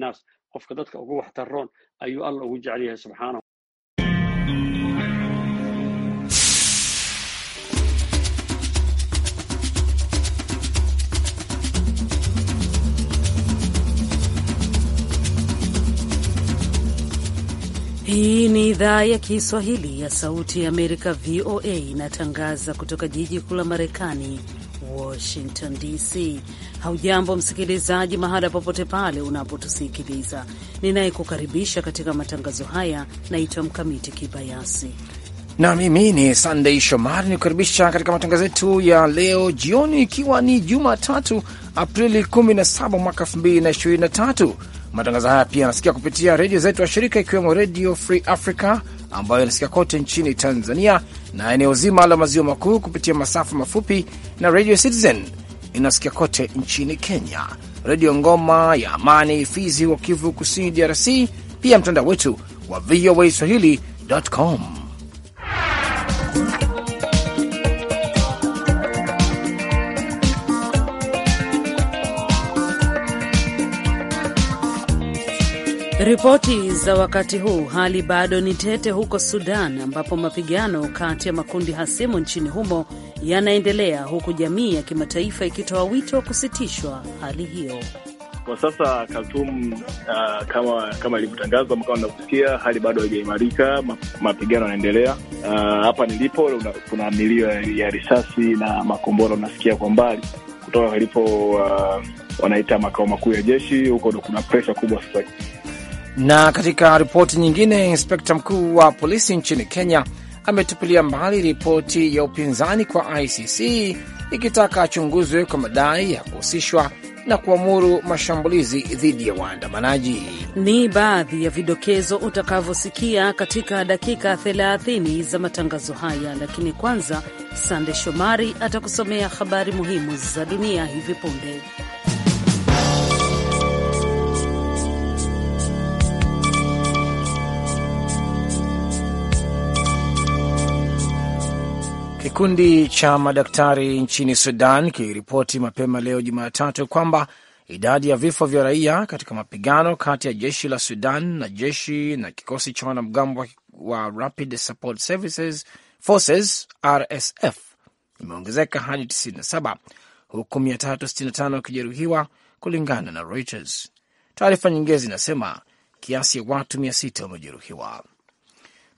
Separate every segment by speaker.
Speaker 1: naas qofka dadka ugu waxtaroon ayuu alla ugu jecel yahay subxaanahu
Speaker 2: Hii ni idhaa ya Kiswahili ya Sauti ya Amerika, VOA, inatangaza kutoka jiji kuu la Marekani Washington DC. Haujambo msikilizaji, mahala popote pale unapotusikiliza. Ninayekukaribisha katika matangazo haya naitwa Mkamiti Kibayasi
Speaker 3: na mimi ni sandei Shomari nikukaribisha katika matangazo yetu ya leo jioni, ikiwa ni Jumatatu Aprili 17 mwaka 2023. Matangazo haya pia yanasikia kupitia redio zetu wa shirika ikiwemo Redio Free Africa ambayo inasikia kote nchini Tanzania na eneo zima la maziwa makuu kupitia masafa mafupi na Radio Citizen inasikia kote nchini Kenya, Redio Ngoma ya Amani Fizi wa Kivu Kusini, DRC, pia mtandao wetu wa VOA Swahili.com.
Speaker 2: Ripoti za wakati huu, hali bado ni tete huko Sudan, ambapo mapigano kati ya makundi hasimu nchini humo yanaendelea, huku jamii ya kimataifa ikitoa wito wa kusitishwa hali hiyo.
Speaker 4: Kwa sasa Khartoum, uh, kama kama ilivyotangazwa kama unavyosikia, hali bado haijaimarika, mapigano yanaendelea. Uh, hapa nilipo una, kuna milio ya risasi na makombora unasikia kwa mbali kutoka kalipo, uh, wanaita makao makuu ya jeshi. Huko ndo kuna presha kubwa
Speaker 3: sasa na katika ripoti nyingine, inspekta mkuu wa polisi nchini Kenya ametupilia mbali ripoti ya upinzani kwa ICC ikitaka achunguzwe kwa madai ya kuhusishwa na kuamuru mashambulizi dhidi ya waandamanaji.
Speaker 2: Ni baadhi ya vidokezo utakavyosikia katika dakika 30 za matangazo haya, lakini kwanza, Sande Shomari atakusomea habari muhimu za dunia hivi punde.
Speaker 3: Kikundi cha madaktari nchini Sudan kiliripoti mapema leo Jumatatu kwamba idadi ya vifo vya raia katika mapigano kati ya jeshi la Sudan na jeshi na kikosi cha wanamgambo wa Rapid Support Services Forces RSF imeongezeka hadi 97 huku 365 wakijeruhiwa kulingana na Reuters. Taarifa nyingine zinasema kiasi ya watu 600 wamejeruhiwa.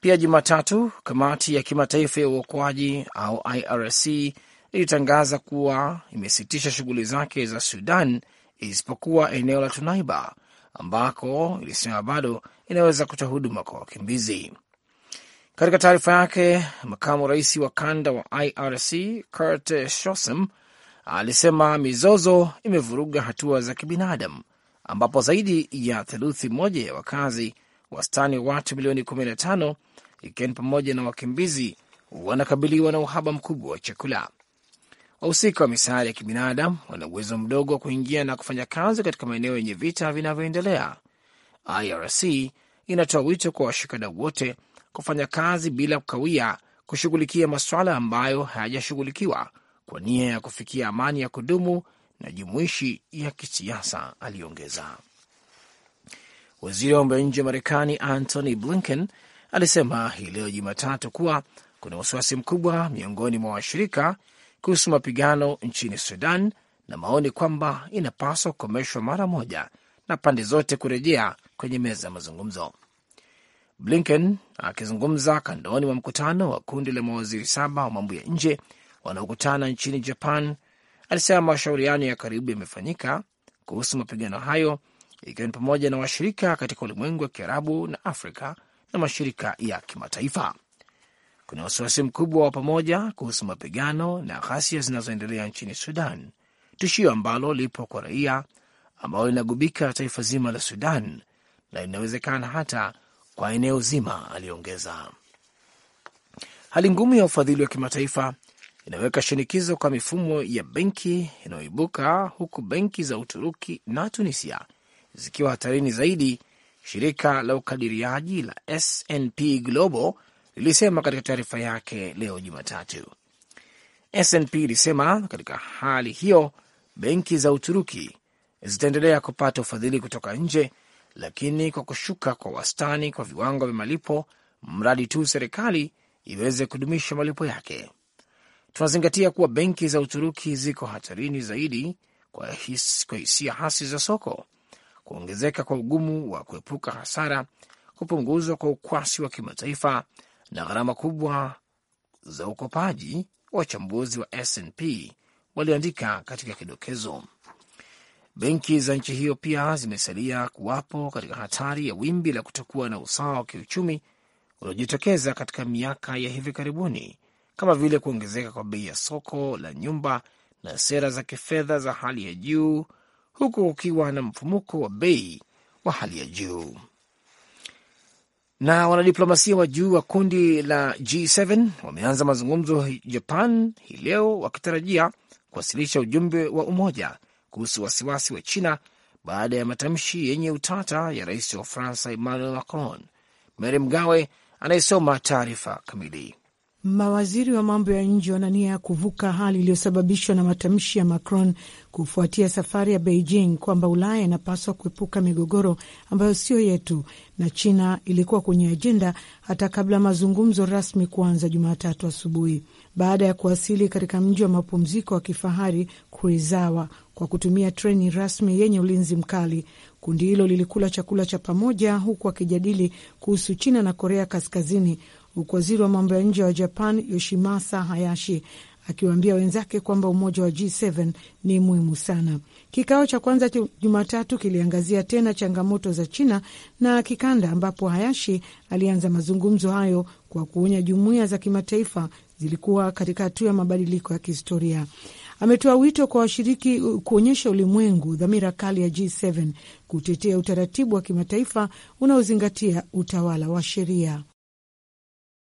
Speaker 3: Pia Jumatatu, kamati ya kimataifa ya uokoaji au IRC ilitangaza kuwa imesitisha shughuli zake za Sudan isipokuwa eneo la Tunaiba ambako ilisema bado inaweza kutoa huduma kwa wakimbizi. Katika taarifa yake, makamu rais wa kanda wa IRC Kurt shosem alisema mizozo imevuruga hatua za kibinadamu, ambapo zaidi ya theluthi moja ya wakazi wastani wa watu milioni 15 ikiwa ni pamoja na wakimbizi wanakabiliwa na uhaba mkubwa wa chakula. Wahusika wa misaada ya kibinadamu wana uwezo mdogo wa kuingia na kufanya kazi katika maeneo yenye vita vinavyoendelea. IRC inatoa wito kwa washikadau wote kufanya kazi bila kukawia kushughulikia masuala ambayo hayajashughulikiwa kwa nia ya kufikia amani ya kudumu na jumuishi ya kisiasa, aliongeza. Waziri wa mambo ya nje wa Marekani Antony Blinken alisema hii leo Jumatatu kuwa kuna wasiwasi mkubwa miongoni mwa washirika kuhusu mapigano nchini Sudan na maoni kwamba inapaswa kukomeshwa mara moja na pande zote kurejea kwenye meza ya mazungumzo. Blinken akizungumza kandoni mwa mkutano wa kundi la mawaziri saba wa mambo ya nje wanaokutana nchini Japan alisema mashauriano ya karibu yamefanyika kuhusu mapigano hayo ikiwa ni pamoja na washirika katika ulimwengu wa Kiarabu na Afrika na mashirika ya kimataifa. Kuna wasiwasi mkubwa wa pamoja kuhusu mapigano na ghasia zinazoendelea nchini Sudan, tishio ambalo lipo kwa raia, ambalo linagubika taifa zima la Sudan na linawezekana hata kwa eneo zima, aliongeza. Hali ngumu ya ufadhili wa kimataifa inaweka shinikizo kwa mifumo ya benki inayoibuka huku benki za Uturuki na Tunisia zikiwa hatarini zaidi, shirika la ukadiriaji la SNP Global lilisema katika taarifa yake leo Jumatatu. SNP ilisema katika hali hiyo benki za Uturuki zitaendelea kupata ufadhili kutoka nje, lakini kwa kushuka kwa wastani kwa viwango vya malipo, mradi tu serikali iweze kudumisha malipo yake. Tunazingatia kuwa benki za Uturuki ziko hatarini zaidi kwa hisia hasi za soko, kuongezeka kwa ugumu wa kuepuka hasara, kupunguzwa kwa ukwasi wa kimataifa na gharama kubwa za ukopaji, wachambuzi wa SNP walioandika katika kidokezo. Benki za nchi hiyo pia zimesalia kuwapo katika hatari ya wimbi la kutokuwa na usawa wa kiuchumi uliojitokeza katika miaka ya hivi karibuni, kama vile kuongezeka kwa bei ya soko la nyumba na sera za kifedha za hali ya juu huku kukiwa na mfumuko wa bei wa hali ya juu. Na wanadiplomasia wa juu wa kundi la G7 wameanza mazungumzo Japan hii leo wakitarajia kuwasilisha ujumbe wa umoja kuhusu wasiwasi wa China baada ya matamshi yenye utata ya rais wa Ufaransa Emmanuel Macron. Mary Mgawe anayesoma taarifa
Speaker 5: kamili. Mawaziri wa mambo ya nje wana nia ya kuvuka hali iliyosababishwa na matamshi ya Macron kufuatia safari ya Beijing kwamba Ulaya inapaswa kuepuka migogoro ambayo sio yetu na China ilikuwa kwenye ajenda hata kabla mazungumzo rasmi kuanza Jumatatu asubuhi. Baada ya kuwasili katika mji wa mapumziko wa kifahari Kurizawa kwa kutumia treni rasmi yenye ulinzi mkali, kundi hilo lilikula chakula cha pamoja huku wakijadili kuhusu China na Korea Kaskazini huku waziri wa mambo ya nje wa Japan Yoshimasa Hayashi akiwaambia wenzake kwamba umoja wa G7 ni muhimu sana. Kikao cha kwanza Jumatatu kiliangazia tena changamoto za China na kikanda, ambapo Hayashi alianza mazungumzo hayo kwa kuonya jumuiya za kimataifa zilikuwa katika hatua ya mabadiliko ya kihistoria. Ametoa wito kwa washiriki uh, kuonyesha ulimwengu dhamira kali ya G7 kutetea utaratibu wa kimataifa unaozingatia utawala wa sheria.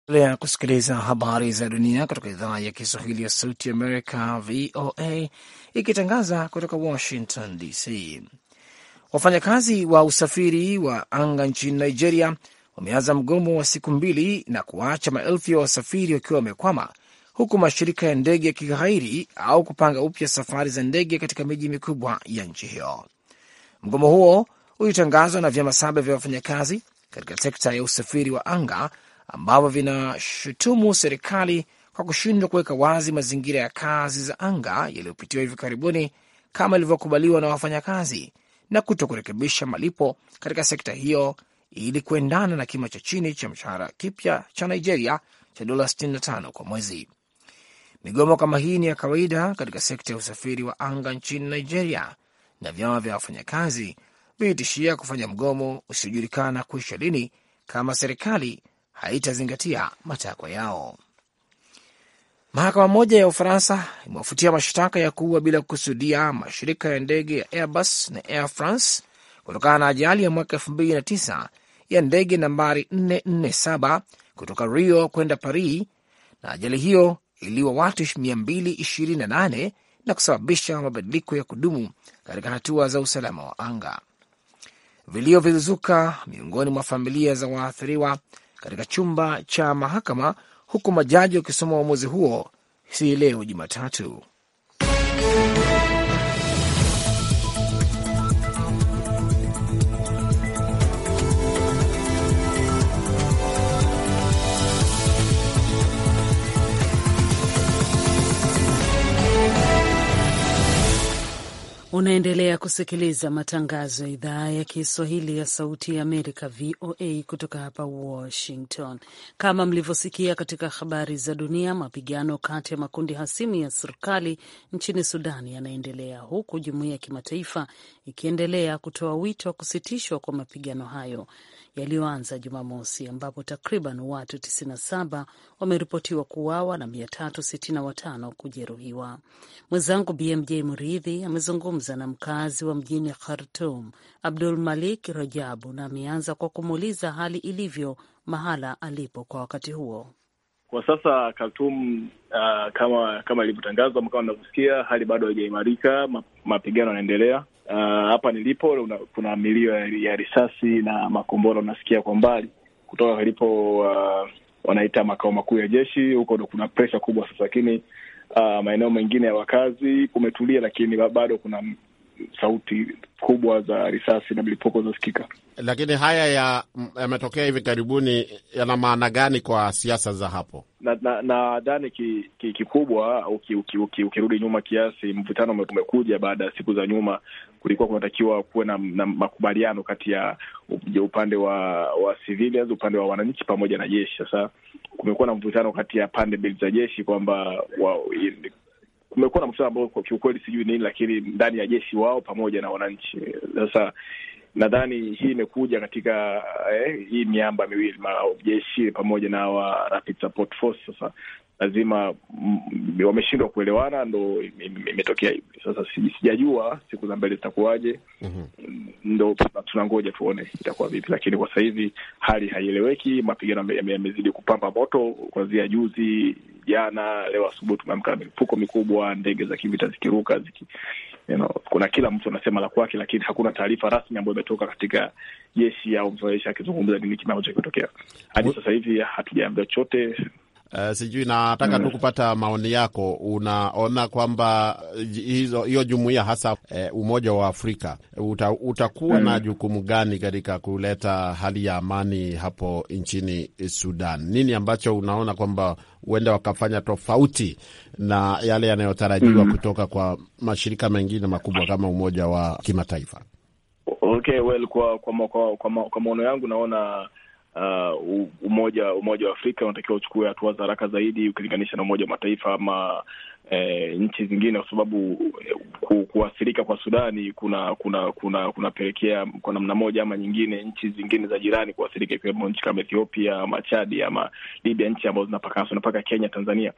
Speaker 3: Endelea kusikiliza habari za dunia kutoka idhaa ya Kiswahili ya Sauti Amerika, VOA, ikitangaza kutoka Washington DC. Wafanyakazi wa usafiri wa anga nchini Nigeria wameanza mgomo wa siku mbili na kuwaacha maelfu ya wasafiri wakiwa wamekwama, huku mashirika ya ndege yakighairi au kupanga upya safari za ndege katika miji mikubwa ya nchi hiyo. Mgomo huo ulitangazwa na vyama saba vya wafanyakazi katika sekta ya usafiri wa anga ambavyo vinashutumu serikali kwa kushindwa kuweka wazi mazingira ya kazi za anga yaliyopitiwa hivi karibuni kama ilivyokubaliwa na wafanyakazi na kuto kurekebisha malipo katika sekta hiyo ili kuendana na kima cha chini cha mshahara kipya cha Nigeria cha dola 65 kwa mwezi. Migomo kama hii ni ya kawaida katika sekta ya usafiri wa anga nchini Nigeria, na vyama vya wafanyakazi vilitishia kufanya mgomo usiojulikana kuisha lini kama serikali haitazingatia matakwa yao. Mahakama moja ya Ufaransa imewafutia mashtaka ya kuua bila kukusudia mashirika ya ndege ya Airbus na Air France kutokana na ajali ya mwaka 2009 ya ndege nambari 447 kutoka Rio kwenda Paris, na ajali hiyo iliwa watu 228 na kusababisha mabadiliko ya kudumu katika hatua za usalama wa anga. Vilio vilizuka miongoni mwa familia za waathiriwa katika chumba cha mahakama huku majaji wakisoma uamuzi huo hii leo Jumatatu.
Speaker 2: Unaendelea kusikiliza matangazo ya idhaa ya Kiswahili ya Sauti ya Amerika, VOA, kutoka hapa Washington. Kama mlivyosikia katika habari za dunia, mapigano kati ya makundi hasimu ya serikali nchini Sudani yanaendelea huku jumuiya ya kimataifa ikiendelea kutoa wito wa kusitishwa kwa mapigano hayo yaliyoanza Jumamosi, ambapo takriban watu 97 wameripotiwa kuuawa na 365 kujeruhiwa. Mwenzangu BMJ Mridhi amezungumza na mkazi wa mjini Khartum, Abdul Malik Rajabu, na ameanza kwa kumuuliza hali ilivyo mahala alipo kwa wakati huo.
Speaker 4: Kwa sasa Khartum, uh, kama kama ilivyotangazwa, kama unavyosikia, hali bado haijaimarika. Mapigano yanaendelea Eh, hapa nilipo una, kuna milio ya, ya risasi na makombora unasikia kwa mbali kutoka kalipo uh, wanaita makao makuu ya jeshi. Huko ndo kuna presha kubwa sasa, lakini uh, maeneo mengine ya wakazi kumetulia, lakini bado kuna sauti kubwa za risasi na milipuko zasikika.
Speaker 6: Lakini haya yametokea ya hivi karibuni, yana maana gani kwa siasa za hapo?
Speaker 4: Nadhani na, na, kikubwa ki, ki ukirudi uki, uki, uki nyuma kiasi, mvutano umekuja baada ya siku za nyuma kulikuwa kunatakiwa kuwe na, na makubaliano kati ya upande wa wa civilians, upande wa wananchi pamoja na jeshi. Sasa kumekuwa na mvutano kati ya pande mbili za jeshi kwamba kumekuwa na mvutano ambao kiukweli sijui nini, lakini ndani ya jeshi wao pamoja na wananchi. Sasa nadhani hii imekuja katika eh, hii miamba miwili majeshi pamoja na wa Rapid Support Force. Sasa lazima wameshindwa kuelewana, ndo imetokea hivi. Sasa sijajua siku za mbele zitakuwaje, mhm. ndo tunangoja tuone itakuwa vipi, lakini kwa sahivi hali haieleweki. Mapigano yamezidi kupamba moto kuanzia juzi, jana, leo asubuhi tumeamka na milipuko mikubwa, ndege za kivita zikiruka ziki You know, kuna kila mtu anasema la kwake, lakini hakuna taarifa rasmi ambayo imetoka katika jeshi au mzoeshi akizungumza nini kile ambacho kimetokea. Hadi sasa hivi hatujaambia chochote,
Speaker 6: Uh, sijui nataka tu mm. kupata maoni yako. Unaona kwamba eh, hiyo jumuiya hasa eh, Umoja wa Afrika uta, utakuwa mm. na jukumu gani katika kuleta hali ya amani hapo nchini Sudan? Nini ambacho unaona kwamba huenda wakafanya tofauti na yale yanayotarajiwa mm. kutoka kwa mashirika mengine makubwa kama Umoja wa Kimataifa?
Speaker 4: Okay, well, kwa kwa, kwa, kwa, kwa maono yangu naona uh, umoja umoja wa Afrika unatakiwa uchukue hatua za haraka zaidi ukilinganisha na Umoja wa Mataifa ama E, nchi zingine kwa sababu eh, ku, kuathirika kwa Sudani kuna kuna kuna kunapelekea kwa namna moja ama nyingine nchi zingine za jirani kuathirika ikiwemo nchi kama Ethiopia ama Chadi ama Libya, nchi ambazo zinapakana mpaka Kenya, Tanzania.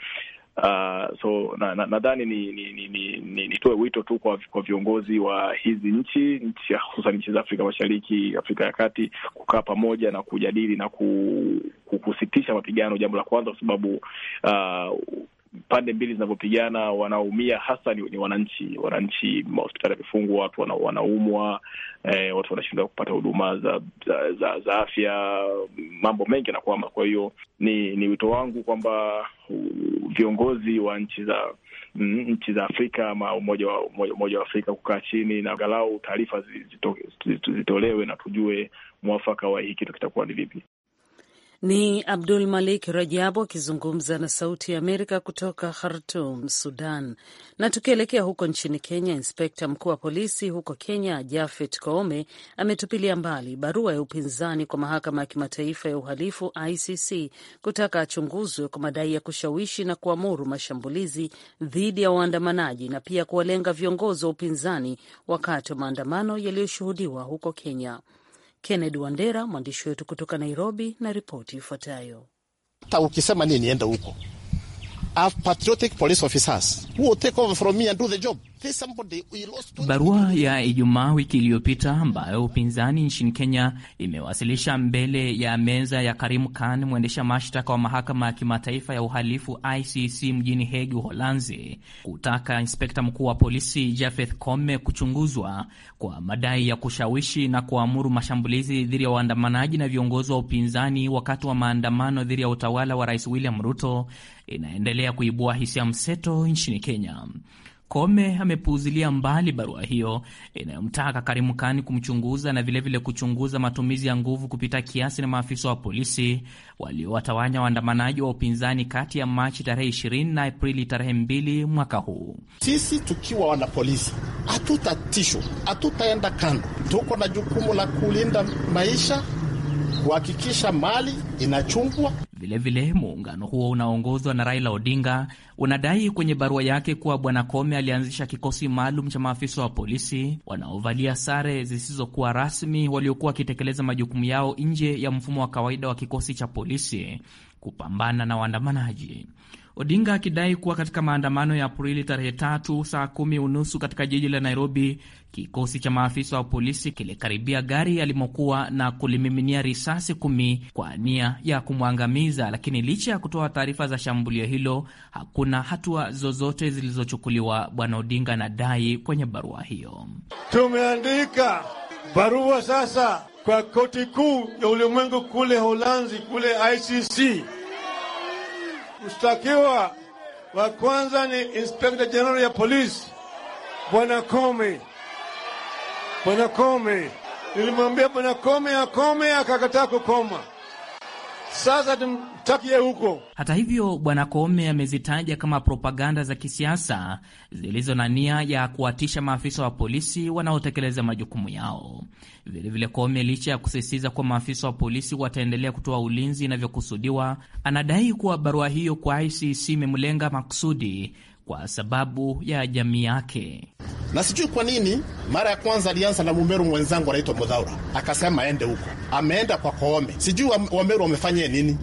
Speaker 4: Uh, so nadhani na, na nitoe ni, ni, ni, ni wito tu kwa, kwa viongozi wa hizi nchi nchi hususan nchi za Afrika Mashariki, Afrika ya Kati kukaa pamoja na kujadili na kusitisha mapigano, jambo la kwanza, kwa sababu uh, pande mbili zinavyopigana, wanaumia hasa ni, ni wananchi. Wananchi, mahospitali yamefungwa, watu wana, wanaumwa eh, watu wanashindwa kupata huduma za za, za za afya, mambo mengi yanakwama. Kwa hiyo ni ni wito wangu kwamba viongozi wa nchi za mm, nchi za Afrika ama umoja wa, umoja wa Afrika kukaa chini na angalau taarifa zitolewe na tujue mwafaka wa hii kitu kitakuwa ni vipi.
Speaker 2: Ni Abdul Malik Rajabu akizungumza na Sauti ya Amerika kutoka Khartum, Sudan. Na tukielekea huko nchini Kenya, inspekta mkuu wa polisi huko Kenya Jafet Koome ametupilia mbali barua ya upinzani kwa mahakama ya kimataifa ya uhalifu ICC kutaka achunguzwe kwa madai ya kushawishi na kuamuru mashambulizi dhidi ya waandamanaji na pia kuwalenga viongozi wa upinzani wakati wa maandamano yaliyoshuhudiwa huko Kenya. Kennedy Wandera, mwandishi wetu kutoka Nairobi, na ripoti ifuatayo.
Speaker 6: Hata ukisema nini, enda huko, patriotic police officers who will take over from me and do the job
Speaker 7: Barua ya Ijumaa wiki iliyopita ambayo upinzani nchini Kenya imewasilisha mbele ya meza ya Karim Khan, mwendesha mashtaka wa mahakama ya kimataifa ya uhalifu ICC mjini Hague, Uholanzi, kutaka inspekta mkuu wa polisi Jafeth Kome kuchunguzwa kwa madai ya kushawishi na kuamuru mashambulizi dhidi ya waandamanaji na viongozi wa upinzani wakati wa maandamano dhidi ya utawala wa Rais William Ruto inaendelea kuibua hisia mseto nchini Kenya. Kome amepuuzilia mbali barua hiyo inayomtaka Karimu Kani kumchunguza na vilevile vile kuchunguza matumizi ya nguvu kupita kiasi na maafisa wa polisi waliowatawanya waandamanaji wa upinzani kati ya Machi tarehe 20 na Aprili tarehe 2 mwaka huu.
Speaker 6: Sisi tukiwa wana polisi hatutatishwa, hatutaenda kando, tuko na jukumu la kulinda maisha kuhakikisha mali inachungwa. Vilevile, muungano huo
Speaker 7: unaongozwa na Raila Odinga unadai kwenye barua yake kuwa Bwana Kome alianzisha kikosi maalum cha maafisa wa polisi wanaovalia sare zisizokuwa rasmi waliokuwa wakitekeleza majukumu yao nje ya mfumo wa kawaida wa kikosi cha polisi kupambana na waandamanaji. Odinga akidai kuwa katika maandamano ya Aprili tarehe tatu saa kumi unusu katika jiji la Nairobi, kikosi cha maafisa wa polisi kilikaribia gari alimokuwa na kulimiminia risasi kumi kwa nia ya kumwangamiza, lakini licha ya kutoa taarifa za shambulio hilo hakuna hatua zozote zilizochukuliwa, Bwana Odinga anadai kwenye barua hiyo.
Speaker 6: Tumeandika barua sasa kwa koti kuu ya ulimwengu kule Holanzi, kule ICC
Speaker 3: kushtakiwa wa kwanza ni Inspector General ya polisi Bwana Kome. Bwana Kome, nilimwambia Bwana Kome akome, akakataa kukoma. Sasa tumtakie huko.
Speaker 5: Hata
Speaker 7: hivyo, bwana Koome amezitaja kama propaganda za kisiasa zilizo na nia ya kuwatisha maafisa wa polisi wanaotekeleza majukumu yao. Vilevile, Koome licha ya kusisitiza kuwa maafisa wa polisi wataendelea kutoa ulinzi inavyokusudiwa, anadai kuwa barua hiyo kwa ICC imemlenga makusudi kwa sababu ya jamii yake
Speaker 6: na sijui kwa nini. Mara ya kwanza alianza na Mumeru mwenzangu anaitwa Mudhaura, akasema aende huko, ameenda kwa Koome, sijui Wameru wamefanyia nini.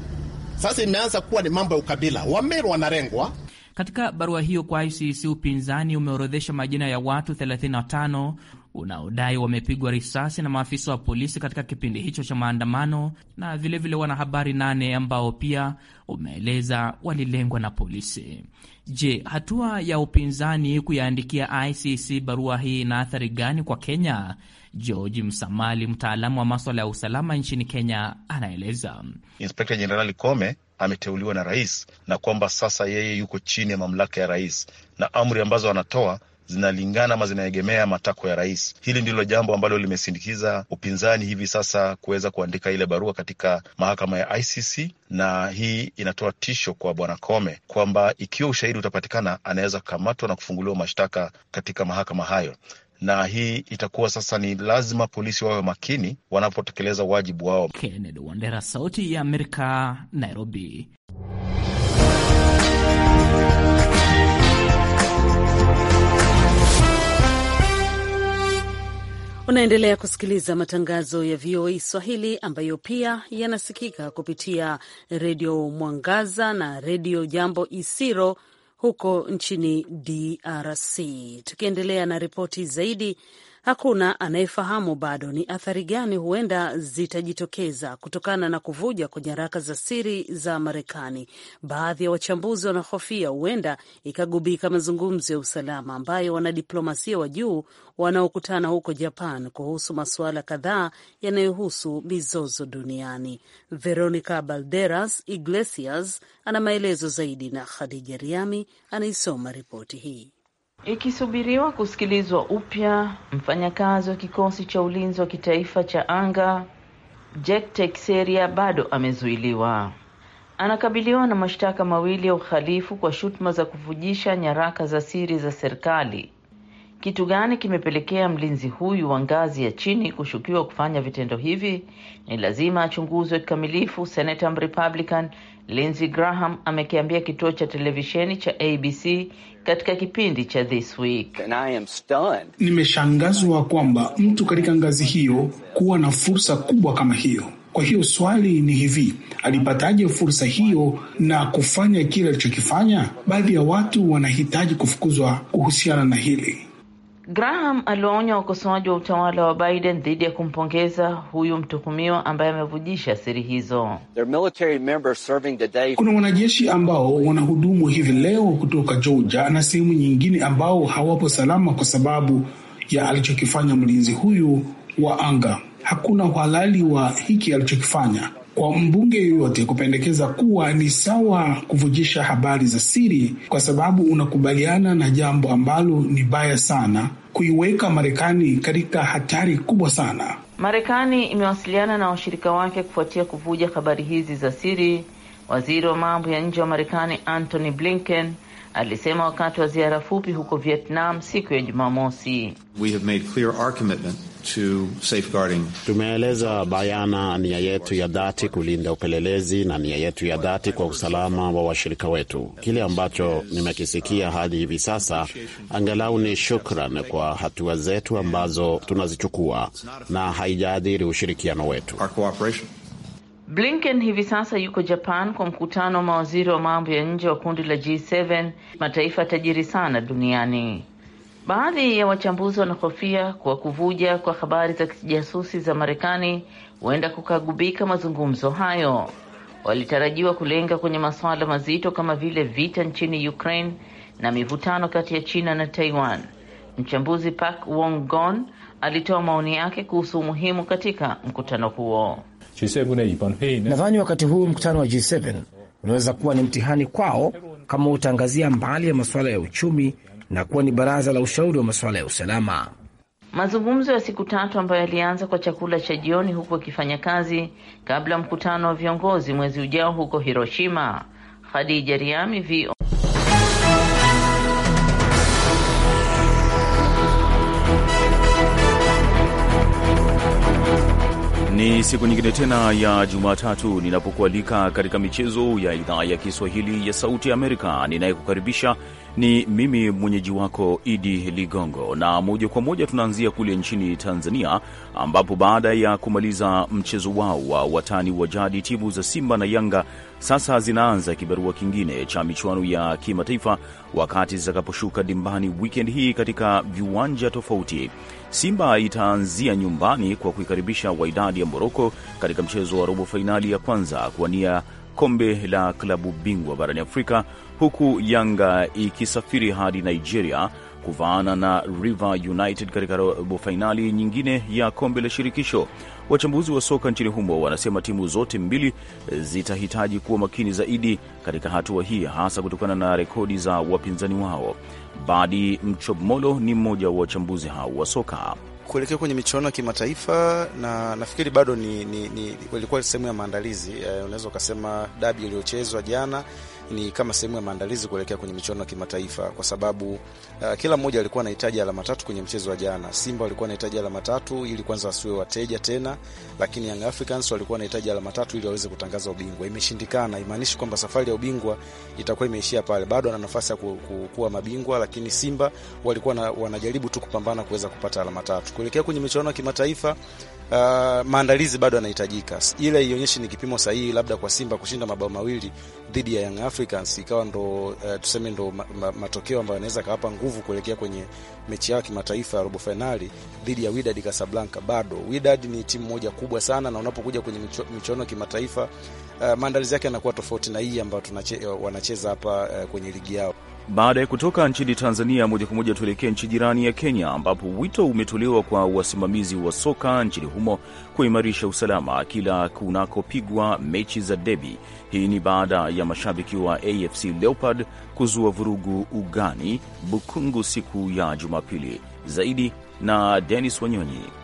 Speaker 6: Sasa imeanza kuwa ni mambo ya ukabila, Wameru wanarengwa.
Speaker 7: Katika barua hiyo kwa ICC, upinzani umeorodhesha majina ya watu 35 unaodai wamepigwa risasi na maafisa wa polisi katika kipindi hicho cha maandamano, na vilevile wanahabari nane ambao pia umeeleza walilengwa na polisi. Je, hatua ya upinzani kuyaandikia ICC barua hii ina athari gani kwa Kenya? George Msamali, mtaalamu wa maswala ya usalama nchini Kenya, anaeleza.
Speaker 6: Inspekta Jenerali Kome ameteuliwa na rais, na kwamba sasa yeye yuko chini ya mamlaka ya rais, na amri ambazo anatoa zinalingana ama zinaegemea matakwa ya rais. Hili ndilo jambo ambalo limesindikiza upinzani hivi sasa kuweza kuandika ile barua katika mahakama ya ICC, na hii inatoa tisho kwa bwana Kome kwamba ikiwa ushahidi utapatikana, anaweza kukamatwa na kufunguliwa mashtaka katika mahakama hayo na hii itakuwa sasa ni lazima polisi wawe makini wanapotekeleza wajibu wao. Kennedy
Speaker 7: Wandera, Sauti ya Amerika, Nairobi.
Speaker 2: Unaendelea kusikiliza matangazo ya VOA Swahili ambayo pia yanasikika kupitia Redio Mwangaza na Redio Jambo Isiro huko nchini DRC. Tukiendelea na ripoti zaidi hakuna anayefahamu bado ni athari gani huenda zitajitokeza kutokana na kuvuja kwa nyaraka za siri za Marekani. Baadhi ya wachambuzi wanahofia huenda ikagubika mazungumzo ya usalama ambayo wanadiplomasia wa juu wanaokutana huko Japan kuhusu masuala kadhaa yanayohusu mizozo duniani. Veronica Balderas Iglesias ana maelezo zaidi na Khadija Riami anaisoma ripoti hii ikisubiriwa
Speaker 8: kusikilizwa upya. Mfanyakazi wa kikosi cha ulinzi wa kitaifa cha anga Jack Texeria bado amezuiliwa. Anakabiliwa na mashtaka mawili ya uhalifu kwa shutuma za kuvujisha nyaraka za siri za serikali kitu gani kimepelekea mlinzi huyu wa ngazi ya chini kushukiwa kufanya vitendo hivi ni lazima achunguzwe kikamilifu, senata Mrepublican Lindsey Graham amekiambia kituo cha televisheni cha ABC katika kipindi cha This Week.
Speaker 4: Nimeshangazwa kwamba mtu katika ngazi hiyo kuwa na fursa kubwa kama hiyo. Kwa hiyo swali ni hivi, alipataje fursa hiyo na kufanya kile alichokifanya? Baadhi ya watu wanahitaji kufukuzwa kuhusiana na hili.
Speaker 8: Graham aliwaonya wakosoaji wa utawala wa Biden dhidi ya kumpongeza huyu mtuhumiwa ambaye amevujisha siri hizo.
Speaker 9: Kuna
Speaker 4: wanajeshi ambao wanahudumu hivi leo kutoka Georgia na sehemu nyingine ambao hawapo salama kwa sababu ya alichokifanya mlinzi huyu wa anga. Hakuna uhalali wa hiki alichokifanya kwa mbunge yoyote kupendekeza kuwa ni sawa kuvujisha habari za siri, kwa sababu unakubaliana na jambo ambalo ni baya sana, kuiweka Marekani katika hatari kubwa sana.
Speaker 8: Marekani imewasiliana na washirika wake kufuatia kuvuja habari hizi za siri. Waziri wa mambo ya nje wa Marekani Antony Blinken alisema wakati wa ziara fupi huko Vietnam siku ya Jumamosi.
Speaker 6: Tumeeleza bayana nia yetu ya dhati kulinda upelelezi na nia yetu ya dhati kwa usalama wa washirika wetu. Kile ambacho nimekisikia hadi hivi sasa angalau ni shukran kwa hatua zetu ambazo tunazichukua na haijaadhiri ushirikiano wetu.
Speaker 8: Blinken hivi sasa yuko Japan kwa mkutano wa mawaziri wa mambo ya nje wa kundi la G7, mataifa tajiri sana duniani. Baadhi ya wachambuzi wanahofia kwa kuvuja kwa habari za kijasusi za Marekani huenda kukagubika mazungumzo hayo. Walitarajiwa kulenga kwenye masuala mazito kama vile vita nchini Ukraine na mivutano kati ya China na Taiwan. Mchambuzi Park Wong Gon alitoa maoni yake kuhusu umuhimu katika mkutano
Speaker 3: huo nadhani wakati huu mkutano wa G7 unaweza kuwa ni mtihani kwao kama utaangazia mbali ya masuala ya uchumi na kuwa ni baraza la ushauri wa masuala ya usalama.
Speaker 8: Mazungumzo ya siku tatu ambayo yalianza kwa chakula cha jioni huku akifanya kazi kabla mkutano wa viongozi mwezi ujao huko Hiroshima. Khadija Riami, VOA.
Speaker 1: Ni
Speaker 10: siku nyingine tena ya Jumatatu ninapokualika katika michezo ya idhaa ya Kiswahili ya Sauti ya Amerika. Ninayekukaribisha ni mimi mwenyeji wako Idi Ligongo, na moja kwa moja tunaanzia kule nchini Tanzania, ambapo baada ya kumaliza mchezo wao wa watani wa jadi, timu za Simba na Yanga sasa zinaanza kibarua kingine cha michuano ya kimataifa wakati zitakaposhuka dimbani wikendi hii katika viwanja tofauti. Simba itaanzia nyumbani kwa kuikaribisha Waidadi ya Moroko katika mchezo wa robo fainali ya kwanza kuwania kombe la klabu bingwa barani Afrika, huku Yanga ikisafiri hadi Nigeria kuvaana na River United katika robo fainali nyingine ya kombe la shirikisho. Wachambuzi wa soka nchini humo wanasema timu zote mbili zitahitaji kuwa makini zaidi katika hatua hii, hasa kutokana na rekodi za wapinzani wao. Badi Mchomolo ni mmoja wa wachambuzi hao wa soka
Speaker 11: kuelekea kwenye michuano ya kimataifa, na nafikiri bado ni, ni, ni ilikuwa sehemu ya maandalizi. Eh, unaweza ukasema dabi iliyochezwa jana ni kama sehemu ya maandalizi kuelekea kwenye michuano ya kimataifa, kwa sababu uh, kila mmoja alikuwa anahitaji alama tatu kwenye mchezo wa jana. Simba walikuwa anahitaji alama tatu ili kwanza wasiwe wateja tena, lakini Young Africans walikuwa anahitaji alama tatu ili waweze kutangaza ubingwa. Imeshindikana, imaanishi kwamba safari ya ubingwa itakuwa imeishia pale, bado ana nafasi ya kuwa mabingwa, lakini Simba walikuwa na, wanajaribu tu kupambana kuweza kupata alama tatu kuelekea kwenye michuano ya kimataifa uh, maandalizi bado yanahitajika. Ile ionyeshe ni kipimo sahihi, labda kwa Simba kushinda mabao mawili dhidi ya Young Africans ikawa ndo uh, tuseme ndo ma, ma, matokeo ambayo anaweza kawapa nguvu kuelekea kwenye mechi yao kimataifa ya robo fainali dhidi ya Wydad Casablanca. Bado Wydad ni timu moja kubwa sana, na unapokuja kwenye michuano ya kimataifa uh, maandalizi yake yanakuwa tofauti na hii ambayo wanacheza hapa uh, kwenye ligi yao.
Speaker 10: Baada ya kutoka nchini Tanzania, moja kwa moja tuelekee nchi jirani ya Kenya, ambapo wito umetolewa kwa wasimamizi wa soka nchini humo kuimarisha usalama kila kunakopigwa mechi za debi. Hii ni baada ya mashabiki wa AFC Leopard kuzua vurugu ugani Bukungu siku ya Jumapili. Zaidi na Denis Wanyonyi.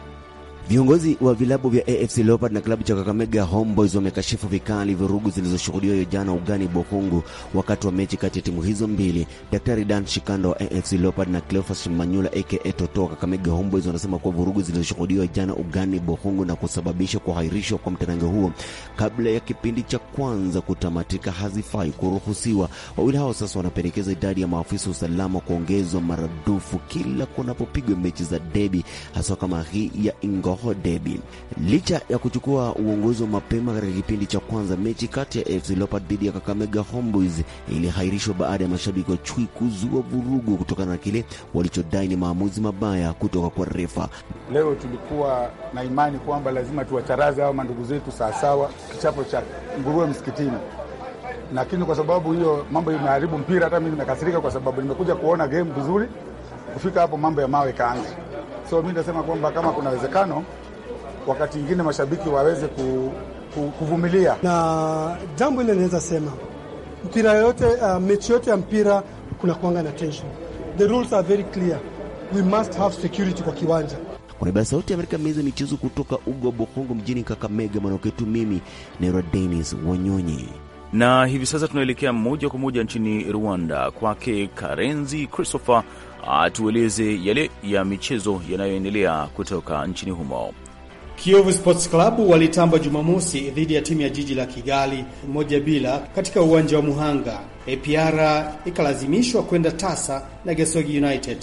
Speaker 9: Viongozi wa vilabu vya AFC Leopard na klabu cha Kakamega Homeboys wamekashifu vikali vurugu zilizoshuhudiwa jana ugani Bokungu wakati wa mechi kati ya timu hizo mbili. Daktari Dan Shikando wa AFC leopard na Cleophas Manyula aka Toto Kakamega Homeboys wanasema kuwa vurugu zilizoshuhudiwa jana ugani Bokungu na kusababisha kuhairishwa kwa mtanange huo kabla ya kipindi cha kwanza kutamatika hazifai kuruhusiwa. Wawili hao sasa wanapendekeza idadi ya maafisa usalama kuongezwa maradufu kila kunapopigwa mechi za debi, haswa kama hii ya Ingo Roho Derby. Licha ya kuchukua uongozi wa mapema katika kipindi cha kwanza, mechi kati ya FC Leopards dhidi ya Kakamega Homeboys ilihairishwa baada ya mashabiki wa chui kuzua vurugu kutokana na kile walichodai ni maamuzi mabaya kutoka kwa refa.
Speaker 11: Leo tulikuwa na imani kwamba lazima tuwacharaze hao mandugu zetu sawasawa, kichapo cha nguruwe msikitini lakini kwa sababu hiyo mambo imeharibu mpira, hata mimi nimekasirika, kwa sababu nimekuja kuona game vizuri. Kufika hapo mambo ya mawe kaanza. So mi nasema kwamba kama kuna uwezekano wakati mwingine mashabiki waweze ku, ku, kuvumilia na jambo ile inaweza sema mpira yote
Speaker 9: uh, mechi yote ya mpira kuna kuanga na tension. The rules are very clear, we must have security kwa kiwanja. Kwa Sauti ya Amerika meza michezo kutoka Ugwa Bokongo mjini Kakamega, manoketu mimi Nero Denis Wanyonyi.
Speaker 10: Na hivi sasa tunaelekea moja kwa moja nchini Rwanda kwake Karenzi Christopher atueleze yale ya michezo yanayoendelea kutoka nchini humo.
Speaker 1: Kiyovu Sports Club walitamba Jumamosi dhidi ya timu ya jiji la Kigali moja bila katika uwanja wa Muhanga. APR ikalazimishwa kwenda tasa na Gesogi United.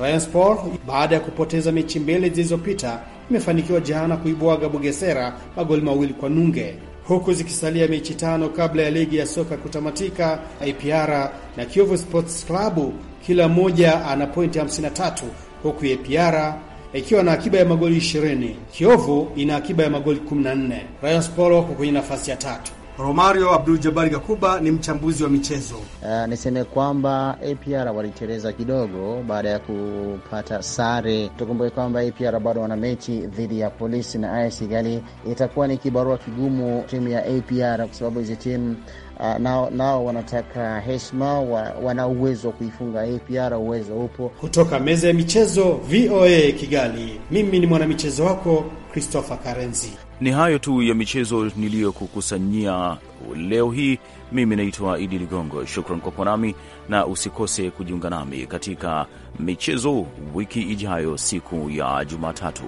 Speaker 1: Rayon Sport baada ya kupoteza mechi mbili zilizopita imefanikiwa jana kuibwaga Bugesera magoli mawili kwa nunge, huku zikisalia mechi tano kabla ya ligi ya soka kutamatika. APR na Kiyovu Sports Club kila mmoja ana pointi 53 huku APR ikiwa na akiba ya magoli 20. Kiovu ina akiba ya magoli 14. Rayon wako kwenye nafasi ya tatu. Romario Abdul Jabari Gakuba ni mchambuzi wa michezo.
Speaker 9: Uh, niseme kwamba APR waliteleza kidogo baada ya kupata sare. Tukumbuke kwamba APR bado wana mechi dhidi ya polisi na AS Kigali, itakuwa ni kibarua kigumu timu ya APR kwa sababu hizi timu Ah, nao, nao wanataka heshima, wana uwezo wa kuifunga APR, uwezo upo.
Speaker 1: Kutoka meza ya michezo VOA Kigali, mimi ni mwanamichezo wako Christopher Karenzi. Ni hayo
Speaker 10: tu ya michezo niliyokukusanyia leo hii. Mimi naitwa Idi Ligongo, shukran kwa kuwa nami na usikose kujiunga nami katika michezo wiki ijayo siku ya Jumatatu.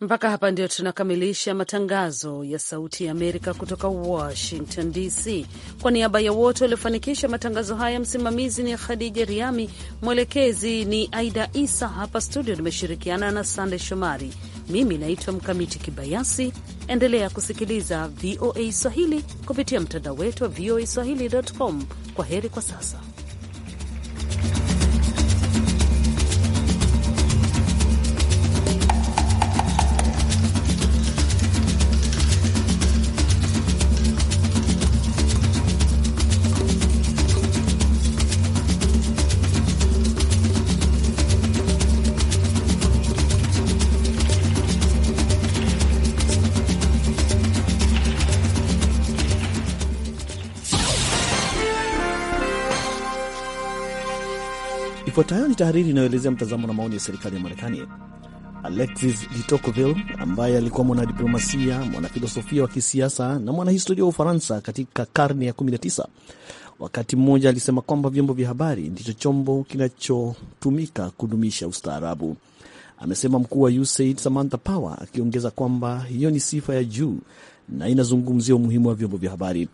Speaker 2: Mpaka hapa ndio tunakamilisha matangazo ya Sauti ya Amerika kutoka Washington DC. Kwa niaba ya wote waliofanikisha matangazo haya, msimamizi ni Khadija Riami, mwelekezi ni Aida Isa. Hapa studio nimeshirikiana na Sande Shomari. Mimi naitwa Mkamiti Kibayasi. Endelea kusikiliza VOA Swahili kupitia mtandao wetu wa voa swahilicom Kwa heri kwa sasa.
Speaker 1: tahariri inayoelezea mtazamo na maoni ya serikali ya Marekani. Alexis de Tocqueville ambaye alikuwa mwanadiplomasia, mwanafilosofia wa kisiasa na mwanahistoria wa Ufaransa katika karne ya 19 wakati mmoja alisema kwamba vyombo vya habari ndicho chombo kinachotumika kudumisha ustaarabu. Amesema mkuu wa USAID Samantha Power, akiongeza kwamba hiyo ni sifa ya juu na inazungumzia umuhimu wa vyombo vya habari.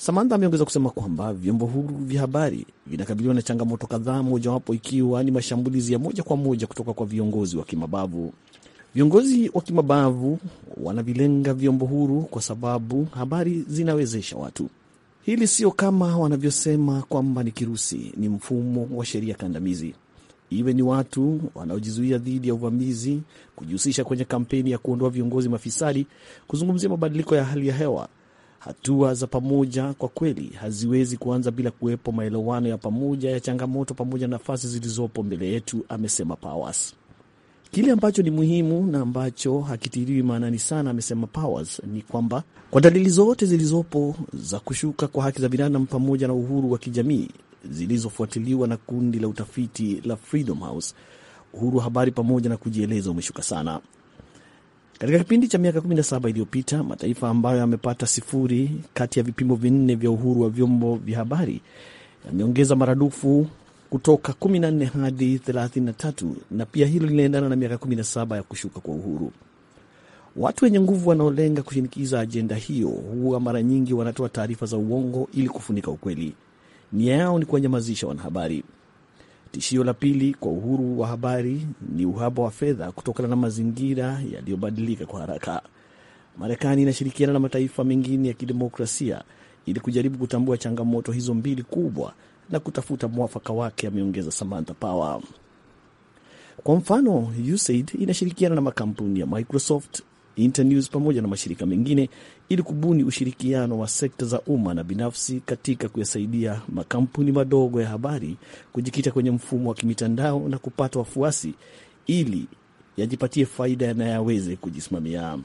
Speaker 1: Samantha ameongeza kusema kwamba vyombo huru vya habari vinakabiliwa na changamoto kadhaa, mojawapo ikiwa ni mashambulizi ya moja kwa moja kutoka kwa viongozi wa kimabavu. Viongozi wa kimabavu wanavilenga vyombo huru kwa sababu habari zinawezesha watu. Hili sio kama wanavyosema kwamba ni kirusi, ni mfumo wa sheria kandamizi. Iwe ni watu wanaojizuia dhidi ya uvamizi, kujihusisha kwenye kampeni ya kuondoa viongozi mafisadi, kuzungumzia mabadiliko ya hali ya hewa Hatua za pamoja kwa kweli haziwezi kuanza bila kuwepo maelewano ya pamoja ya changamoto pamoja na nafasi zilizopo mbele yetu, amesema Powers. Kile ambacho ni muhimu na ambacho hakitiliwi maanani sana, amesema Powers, ni kwamba kwa dalili zote zilizopo za kushuka kwa haki za binadamu pamoja na uhuru wa kijamii zilizofuatiliwa na kundi la utafiti la Freedom House, uhuru wa habari pamoja na kujieleza umeshuka sana. Katika kipindi cha miaka 17 iliyopita, mataifa ambayo yamepata sifuri kati ya vipimo vinne vya uhuru wa vyombo vya habari yameongeza maradufu kutoka 14 hadi 33, na pia hilo linaendana na miaka 17 ya kushuka kwa uhuru. Watu wenye nguvu wanaolenga kushinikiza ajenda hiyo huwa mara nyingi wanatoa taarifa za uongo ili kufunika ukweli. Nia yao ni kuwanyamazisha wanahabari. Tishio la pili kwa uhuru wa habari ni uhaba wa fedha kutokana na mazingira yaliyobadilika kwa haraka. Marekani inashirikiana na mataifa mengine ya kidemokrasia ili kujaribu kutambua changamoto hizo mbili kubwa na kutafuta mwafaka wake, ameongeza Samantha Power. Kwa mfano, USAID inashirikiana na makampuni ya Microsoft, Internews pamoja na mashirika mengine ili kubuni ushirikiano wa sekta za umma na binafsi katika kuyasaidia makampuni madogo ya habari kujikita kwenye mfumo wa kimitandao na kupata wafuasi ili yajipatie faida na yaweze kujisimamia.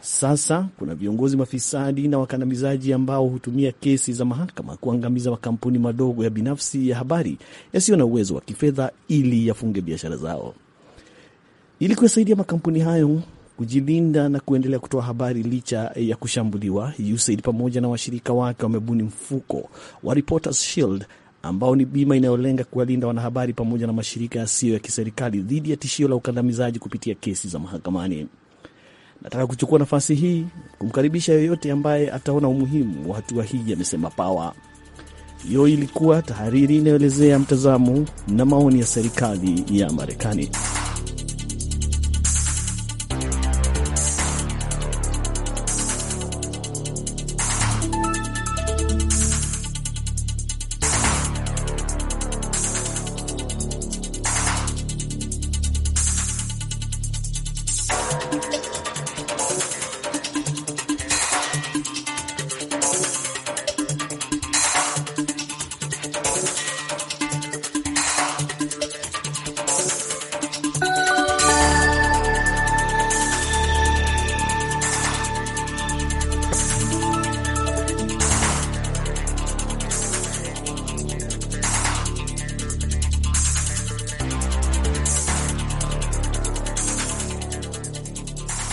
Speaker 1: Sasa kuna viongozi mafisadi na wakandamizaji ambao hutumia kesi za mahakama kuangamiza makampuni madogo ya binafsi ya habari yasiyo na uwezo wa kifedha ili yafunge biashara zao ili kuyasaidia makampuni hayo kujilinda na kuendelea kutoa habari licha ya kushambuliwa. USAID pamoja na washirika wake wamebuni mfuko wa Reporters Shield ambao ni bima inayolenga kuwalinda wanahabari pamoja na mashirika yasiyo ya kiserikali dhidi ya tishio la ukandamizaji kupitia kesi za mahakamani. Nataka kuchukua nafasi hii kumkaribisha yoyote ambaye ataona umuhimu wa hatua hii, amesema Pawa. Hiyo ilikuwa tahariri inayoelezea mtazamo na maoni ya serikali ya Marekani.